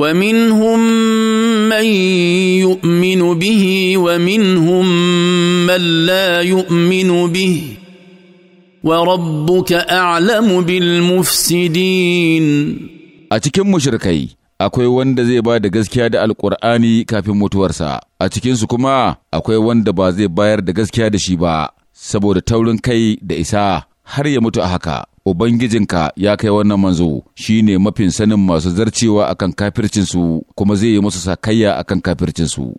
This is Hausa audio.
ومنهم من يؤمن به ومنهم من لا يؤمن به وربك أعلم بالمفسدين a cikin mushrikai akwai wanda zai ba da gaskiya da alkur'ani kafin mutuwarsa a cikinsu kuma akwai wanda ba zai bayar da gaskiya da shi ba saboda taurin kai da isa har ya mutu a haka Ubangijinka ya kai wannan manzo shi ne mafin sanin masu zarcewa akan kafircinsu kuma zai yi musu sakayya akan kafircinsu.